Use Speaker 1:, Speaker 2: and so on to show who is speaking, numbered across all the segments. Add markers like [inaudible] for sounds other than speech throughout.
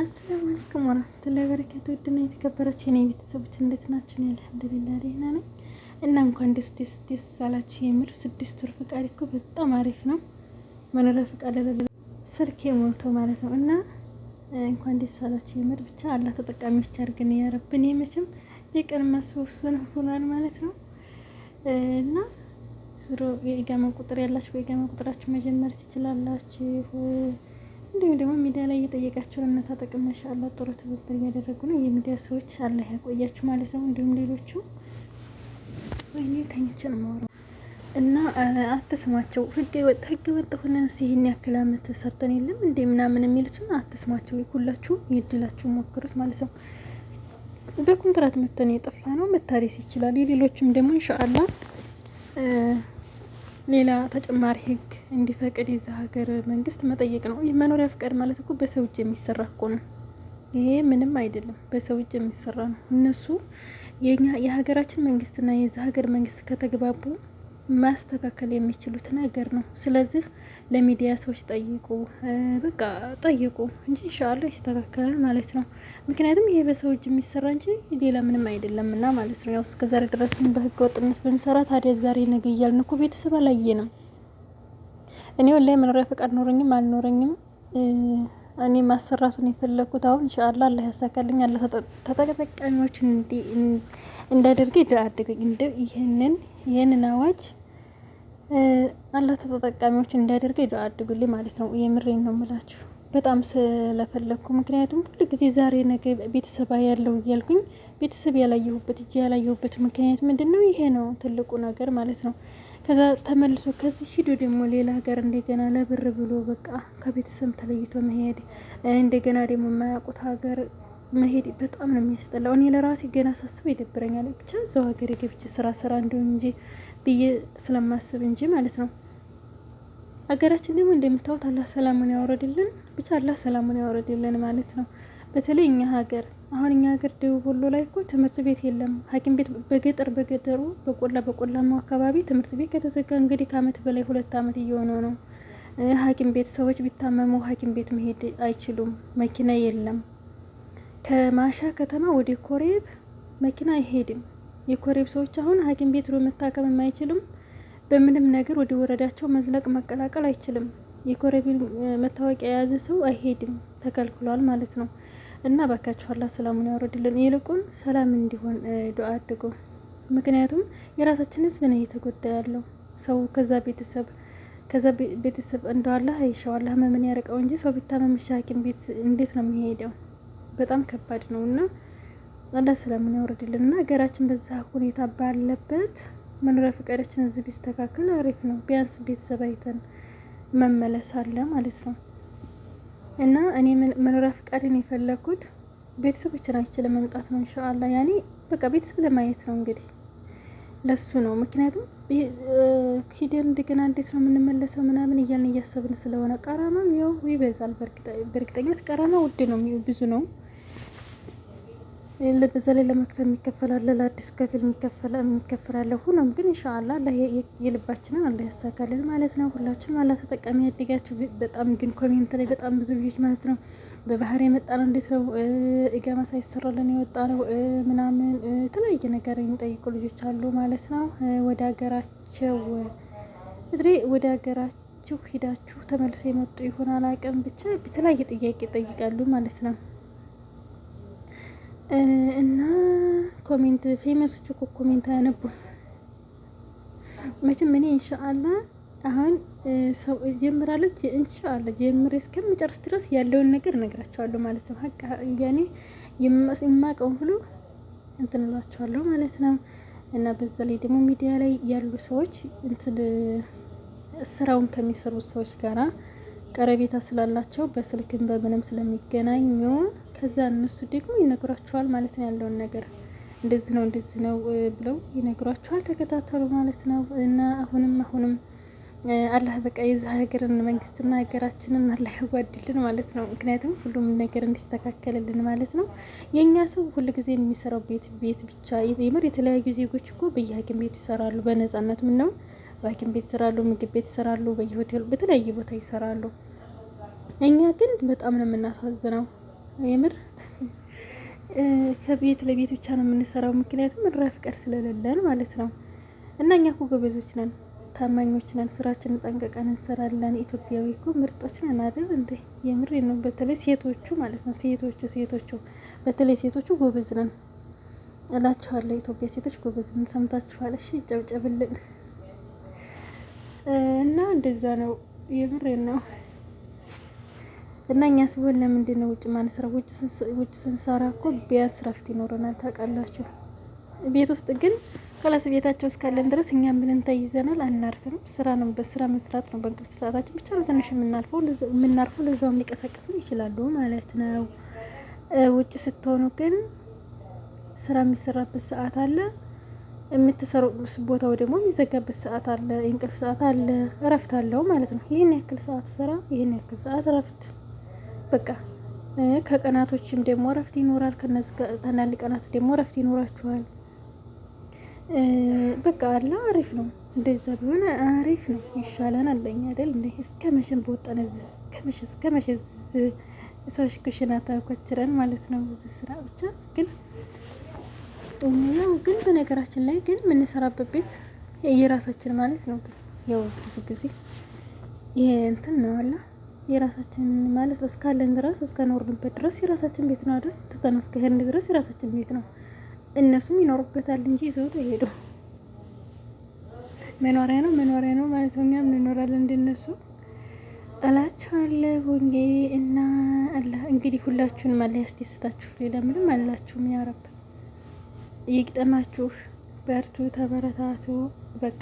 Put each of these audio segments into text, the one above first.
Speaker 1: አሰላሙ አለይኩም ወራህመቱላሂ ወበረካቱ ውድና የተከበራችሁ የኔ ቤተሰቦች እንዴት ናችሁ? ነው አልሐምዱሊላህ ደህና ነኝ። እና እንኳን ደስ ደስ ደስ አላችሁ። የምር ስድስት ወር ፍቃድ እኮ በጣም አሪፍ ነው። መኖሪያ ፍቃድ ስልክ የሞልቶ ማለት ነው። እና እንኳን ደስ አላችሁ። የምር ብቻ አላህ ተጠቃሚዎች አድርገን ያረብን። የመችም የቀን መስወሰን ሆኗል ማለት ነው እና ዙሮ የኢጋማ ቁጥር ያላችሁ በኢጋማ ቁጥራችሁ መጀመር ትችላላችሁ። እንዲሁም ደግሞ ሚዲያ ላይ እየጠየቃቸው እምነት አጠቅም ማሻአላ ጥሩ ትብብር እያደረጉ ነው። የሚዲያ ሰዎች አለ ያቆያችሁ ማለት ነው። እንዲሁም ሌሎቹ ወይኔ ተኝቼ ነው የማወራው እና አትስማቸው። ህገ ወጥ ህገ ወጥ ሆነን ይህን ያክል አመት ሰርተን የለም እንዴ ምናምን የሚሉትን አትስማቸው። ሁላችሁም የድላችሁ ሞክሩት ማለት ነው። በኮንትራት መተን የጠፋ ነው መታደስ ይችላል። የሌሎችም ደግሞ እንሻአላ ሌላ ተጨማሪ ህግ እንዲፈቅድ የዚ ሀገር መንግስት መጠየቅ ነው። ይህ መኖሪያ ፍቃድ ማለት እኮ በሰው እጅ የሚሰራ እኮ ነው። ይሄ ምንም አይደለም፣ በሰው እጅ የሚሰራ ነው። እነሱ የኛ የሀገራችን መንግስትና የዚ ሀገር መንግስት ከተግባቡ ማስተካከል የሚችሉት ነገር ነው። ስለዚህ ለሚዲያ ሰዎች ጠይቁ፣ በቃ ጠይቁ እንጂ እንሻላ ይስተካከላል ማለት ነው። ምክንያቱም ይሄ በሰው እጅ የሚሰራ እንጂ ሌላ ምንም አይደለም እና ማለት ነው። ያው እስከ እስከዛሬ ድረስም በህገ ወጥነት ብንሰራ ታዲያ ዛሬ ነገ እያልን እኮ ቤተሰብ ነው። እኔ ወላሂ መኖሪያ ፈቃድ ኖረኝም አልኖረኝም እኔ ማሰራቱን የፈለግኩት አሁን እንሻአላ አላህ ያሳካልኝ። አላህ ተጠቃሚዎች እንዳደርገ ይደአድገኝ። እንደ ይህንን ይህንን አዋጅ አላህ ተጠቃሚዎች እንዲያደርገ ይደው አድጉልኝ ማለት ነው። የምሬን ነው ምላችሁ በጣም ስለፈለግኩ ምክንያቱም ሁሉ ጊዜ ዛሬ ነገ ቤተሰብ ያለው እያልኩኝ ቤተሰብ ያላየሁበት እጅ ያላየሁበት ምክንያት ምንድን ነው? ይሄ ነው ትልቁ ነገር ማለት ነው። ከዛ ተመልሶ ከዚህ ሂዶ ደግሞ ሌላ ሀገር እንደገና ለብር ብሎ በቃ ከቤተሰብ ተለይቶ መሄድ እንደገና ደግሞ የማያውቁት ሀገር መሄድ በጣም ነው የሚያስጠላው። እኔ ለራሴ ገና ሳስብ ይደብረኛል። ብቻ እዛው ሀገር የገብች ስራ ስራ እንዲሆን እንጂ ብዬ ስለማስብ እንጂ ማለት ነው። ሀገራችን ደግሞ እንደምታዩት አላህ ሰላሙን ያወረድልን፣ ብቻ አላህ ሰላሙን ያወረድልን ማለት ነው። በተለይ እኛ ሀገር አሁን እኛ ሀገር ደቡብ ወሎ ላይ እኮ ትምህርት ቤት የለም፣ ሐኪም ቤት በገጠር በገጠሩ በቆላ በቆላማው አካባቢ ትምህርት ቤት ከተዘጋ እንግዲህ ከአመት በላይ ሁለት አመት እየሆነ ነው። ሐኪም ቤት ሰዎች ቢታመሙ ሐኪም ቤት መሄድ አይችሉም፣ መኪና የለም። ከማሻ ከተማ ወደ ኮሬብ መኪና አይሄድም። የኮሬብ ሰዎች አሁን ሐኪም ቤት ሮ መታከም የማይችልም በምንም ነገር ወደ ወረዳቸው መዝለቅ መቀላቀል አይችልም። የኮሬብ መታወቂያ የያዘ ሰው አይሄድም ተከልክሏል ማለት ነው። እና ባካችሁ አላህ ሰላሙን ያወርድልን። ይልቁን ሰላም እንዲሆን ዱአ አድርጉ። ምክንያቱም የራሳችን ህዝብ ነው እየተጎዳ ያለው ሰው ከዛ ቤተሰብ ከዛ ቤተሰብ እንደዋላ ይሻዋላ ህመምን ያርቀው እንጂ ሰው ቢታመም ሐኪም ቤት እንዴት ነው የሚሄደው? በጣም ከባድ ነው እና አላህ ሰላሙን ያወርድልንና ሀገራችን በዛ ሁኔታ ባለበት መኖሪያ ፈቃዳችን እዚህ ቢስተካከል አሪፍ ነው። ቢያንስ ቤተሰብ አይተን መመለስ አለ ማለት ነው እና እኔ መኖሪያ ፈቃድን የፈለኩት ቤተሰቦችን አይቼ ለመምጣት ነው። እንሻአላ ያኔ በቃ ቤተሰብ ለማየት ነው እንግዲህ ለሱ ነው። ምክንያቱም ሂደን እንደገና እንዴት ነው የምንመለሰው ምናምን እያልን እያሰብን ስለሆነ ቀራማም ያው ይበዛል። በእርግጠኝነት ቀራማ ውድ ነው፣ ብዙ ነው። በዛ ላይ ለመክተብ የሚከፈላለ ለአዲሱ ከፊል የሚከፈላለ ሁኖም ግን ኢንሻአላህ አላህ የልባችንን አላህ ያሳካልን ማለት ነው። ሁላችሁም አላህ ተጠቃሚ ያድጋችሁ። በጣም ግን ኮሜንት ላይ በጣም ብዙ ልጆች ማለት ነው በባህር የመጣ ነው እንዴት ነው እገማ ሳይሰራልን የወጣ ነው ምናምን የተለያየ ነገር የሚጠይቁ ልጆች አሉ ማለት ነው። ወደ ሀገራቸው እድሬ ወደ ሀገራችሁ ሂዳችሁ ተመልሰው የመጡ ይሆን አላቅም ብቻ የተለያየ ጥያቄ ይጠይቃሉ ማለት ነው። እና ኮሜንት ፌመሶች እኮ ኮሜንት አያነቡም መቼም። እኔ እንሻአላ አሁን ሰው ጀምራለሁ እንሻአላ ጀምሬ እስከምጨርስ ድረስ ያለውን ነገር እነግራቸዋለሁ ማለት ነው። ሀቅ ያኔ የማቀውን ሁሉ እንትን ማለት ነው። እና በዛ ላይ ደግሞ ሚዲያ ላይ ያሉ ሰዎች እንትን ስራውን ከሚሰሩት ሰዎች ጋራ ቀረቤታ ስላላቸው በስልክም በምንም ስለሚገናኙ ከዛ እነሱ ደግሞ ይነግሯቸዋል ማለት ነው። ያለውን ነገር እንደዚህ ነው እንደዚህ ነው ብለው ይነግሯቸዋል። ተከታተሉ ማለት ነው እና አሁንም አሁንም አላህ በቃ የዛ ሀገርን መንግስትና ሀገራችንን አላህ ያጓድልን ማለት ነው። ምክንያቱም ሁሉም ነገር እንዲስተካከልልን ማለት ነው። የእኛ ሰው ሁል ጊዜ የሚሰራው ቤት ቤት ብቻ የምር የተለያዩ ዜጎች እኮ በየሀገር ቤት ይሰራሉ በነጻነት ምን ነው በሐኪም ቤት ይሰራሉ፣ ምግብ ቤት ይሰራሉ፣ በየሆቴሉ በተለያየ ቦታ ይሰራሉ። እኛ ግን በጣም ነው የምናሳዝነው። የምር ከቤት ለቤት ብቻ ነው የምንሰራው፣ ምክንያቱም እራ ፍቀድ ስለሌለን ማለት ነው። እና እኛ እኮ ጎበዞች ነን፣ ታማኞች ነን፣ ስራችንን ጠንቀቀን እንሰራለን። ኢትዮጵያዊ እኮ ምርጦች ነን አይደል እንዴ? የምር ነው። በተለይ ሴቶቹ ማለት ነው። ሴቶቹ ሴቶቹ በተለይ ሴቶቹ ጎበዝ ነን እላችኋለሁ። ኢትዮጵያ ሴቶች ጎበዝ ነን። ሰምታችኋል? እሺ ጨብጨብልን። እና እንደዛ ነው የምሬን ነው። እና እኛስ ቢሆን ለምንድን ነው ውጭ ማንሰራ? ውጭ ስንሰራ እኮ ቢያንስ ረፍት ይኖረናል ታውቃላችሁ። ቤት ውስጥ ግን ከላስ ቤታቸው እስካለን ድረስ እኛ ምን ተይዘናል፣ አናርፍም። ስራ ነው በስራ መስራት ነው። በእንቅልፍ ሰዓታችን ብቻ ነው ትንሽ የምናርፈው የምናርፈው ለዛውም ሊቀሰቅሱን ይችላሉ ማለት ነው። ውጭ ስትሆኑ ግን ስራ የሚሰራበት ሰዓት አለ። የምትሰሩበት ቦታው ደግሞ የሚዘጋበት ሰዓት አለ፣ የእንቅልፍ ሰዓት አለ፣ እረፍት አለው ማለት ነው። ይህን ያክል ሰዓት ስራ፣ ይህን ያክል ሰዓት እረፍት። በቃ ከቀናቶችም ደግሞ እረፍት ይኖራል። ከነዚህ ቀናት ደግሞ እረፍት ይኖራችኋል። በቃ አለ አሪፍ ነው። እንደዛ ቢሆን አሪፍ ነው፣ ይሻለን አለኝ አይደል? እንደ እስከ መሸን በወጣን እዚህ እስከ መቼ እስከ መቼ ሰዎች ኩሽና ተኮችረን ማለት ነው። እዚህ ስራ ብቻ ግን ያው ግን በነገራችን ላይ ግን የምንሰራበት ቤት የራሳችን ማለት ነው። ግን ያው ብዙ ጊዜ ይሄ እንትን ነው አላ የራሳችን ማለት ነው። እስካለን ድረስ እስከኖርንበት ድረስ የራሳችን ቤት ነው አይደል? ትተነው እስከሄድን ድረስ የራሳችን ቤት ነው። እነሱም ይኖሩበታል እንጂ ይዘውት አይሄዱም። መኖሪያ ነው መኖሪያ ነው ማለት ነው። እኛም እንኖራለን እንደነሱ እላችኋለሁ እና አላህ እንግዲህ ሁላችሁን ማለ ያስደስታችሁ። ሌላ ምንም አላችሁም። ያ ይግጠማችሁ፣ በርቱ፣ ተበረታቱ። በቃ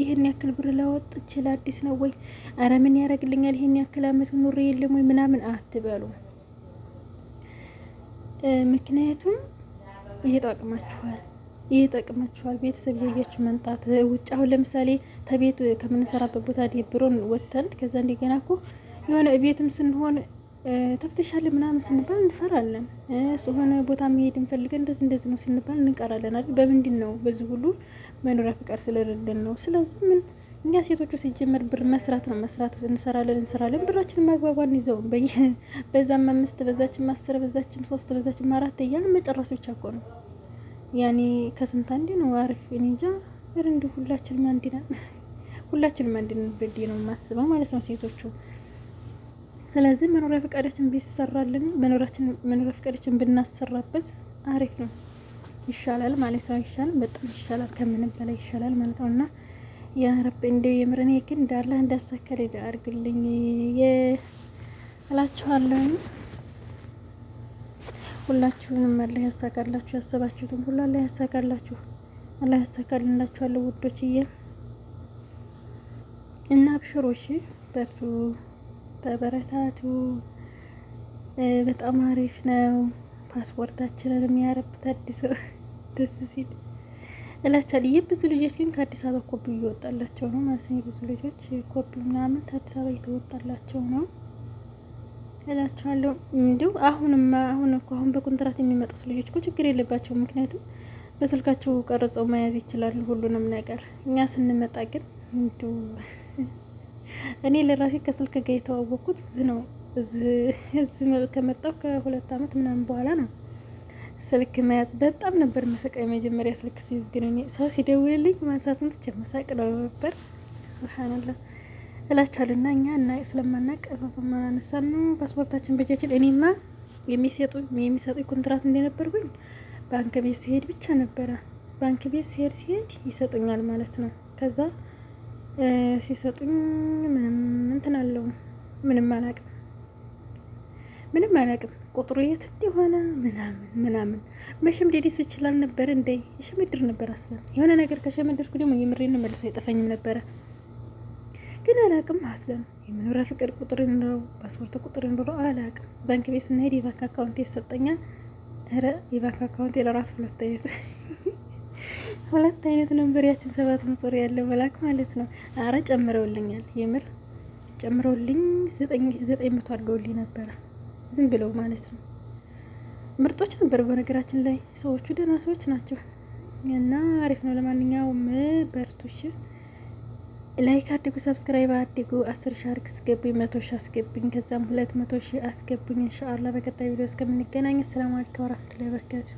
Speaker 1: ይህን ያክል ብር ለወጥ ችል አዲስ ነው ወይ? አረ ምን ያደርግልኛል? ይህን ያክል አመት ኑሮ የለም ወይ ምናምን አትበሉ። ምክንያቱም ይሄ ጠቅማችኋል፣ ይሄ ጠቅማችኋል። ቤተሰብ ያያችሁ መምጣት ውጭ አሁን ለምሳሌ ተቤት ከምንሰራበት ቦታ ዴብሮን ወጥተን ከዛ እንደገና እኮ የሆነ ቤትም ስንሆን ተፍተሻል ምናምን ስንባል እንፈራለን። እሱ ሆነ ቦታ መሄድ እንፈልገን እንደዚህ እንደዚህ ነው ስንባል እንቀራለን አይደል? በምንድን ነው በዚህ ሁሉ መኖሪያ ፍቃድ ስለሌለን ነው። ስለዚህ ምን እኛ ሴቶቹ ሲጀመር ብር መስራት ነው መስራት እንሰራለን እንሰራለን ብራችን ማግባባን ይዘውን [laughs] በዛም አምስት በዛችም አስር በዛችም ሶስት በዛችም አራት እያልን መጨረስ ብቻ እኮ ነው። ያኔ ከስንት አንዴ ነው አሪፍ። እኔ እንጃ እንዲሁ ሁላችንም አንድ ነን፣ [laughs] ሁላችንም አንድ ነን ብዬ ነው የማስበው ማለት ነው ሴቶቹ ስለዚህ መኖሪያ ፈቃዳችን ቢሰራልን መኖሪያ ፈቃዳችን ብናሰራበት አሪፍ ነው፣ ይሻላል ማለት ነው። ይሻላል፣ በጣም ይሻላል፣ ከምንም በላይ ይሻላል ማለት ነው። እና የረብ እንደው የምርኔ ግን እንዳለ እንዳሳከል አድርግልኝ እላችኋለሁ። ሁላችሁንም አላህ ያሳካላችሁ፣ ያሰባችሁትም ሁሉ አላህ ያሳካላችሁ፣ አላህ ያሳካልላችኋለሁ ውዶችዬ እና አብሽሮሽ በርቱ። በበረታቱ በጣም አሪፍ ነው። ፓስፖርታችንን የሚያረብ አዲስ [laughs] ደስ ሲል እላቻል። ይህ ብዙ ልጆች ግን ከአዲስ አበባ ኮፒ እየወጣላቸው ነው ማለት ነው። ብዙ ልጆች ኮፒ ምናምን ከአዲስ አበባ እየተወጣላቸው ነው እላቸዋለሁ። እንዲሁ አሁንም አሁን እኮ አሁን በኮንትራት የሚመጡት ልጆች እኮ ችግር የለባቸው። ምክንያቱም በስልካቸው ቀርጸው መያዝ ይችላሉ ሁሉንም ነገር። እኛ ስንመጣ ግን እንዲሁ እኔ ለራሴ ከስልክ ጋር የተዋወቅኩት እዚህ ነው። እዚህ ከመጣሁ ከሁለት አመት ምናምን በኋላ ነው። ስልክ መያዝ በጣም ነበር መሰቃ። የመጀመሪያ ስልክ ሲይዝ ግን እኔ ሰው ሲደውልልኝ ማንሳቱን ትቼ መሳቅ ነው ነበር። ስብሓንላ እላቸዋል እና እኛ እና ስለማናቅ ፎቶ ማናነሳ ነው ፓስፖርታችን በጃችን። እኔማ የሚሰጡ የሚሰጡ ኮንትራት እንደነበርኩኝ ባንክ ቤት ሲሄድ ብቻ ነበረ። ባንክ ቤት ሲሄድ ሲሄድ ይሰጡኛል ማለት ነው ከዛ ሲሰጡኝ ምንም እንትን አለው ምንም አላቅም ምንም አላቅም ቁጥሩ የት እንደሆነ ምናምን ምናምን መሸም መሸምደድስ ይችላል ነበር እንደ የሸመድር ነበር አስበን የሆነ ነገር ከሸመድርኩ ደግሞ የምሬን መልሶ አይጠፋኝም ነበረ ግን አላቅም አስለን የመኖሪያ ፍቃድ ቁጥር ኖረው ፓስፖርት ቁጥር ኖረው አላቅም። ባንክ ቤት ስንሄድ የባንክ አካውንት ይሰጠኛል። ረ የባንክ አካውንት ለራስ ሁለት አይነት ሁለት አይነት ነበር ያችን ሰባት ንጹር ያለው መላክ ማለት ነው። አረ ጨምረውልኛል፣ የምር ጨምረውልኝ ዘጠኝ መቶ አድርገውልኝ ነበረ ዝም ብለው ማለት ነው። ምርጦች ነበር በነገራችን ላይ ሰዎቹ ደህና ሰዎች ናቸው እና አሪፍ ነው። ለማንኛውም በርቱሽ፣ ላይክ አድጉ፣ ሰብስክራይብ አድጉ፣ አስር ሺ አርግ አስገቡኝ፣ መቶ ሺ አስገቡኝ፣ ከዛም ሁለት መቶ ሺ አስገቡኝ። እንሻአላ በቀጣይ ቪዲዮ እስከምንገናኝ፣ አሰላሙ አለይኩም ወረህመቱላሂ ወበረካቱ።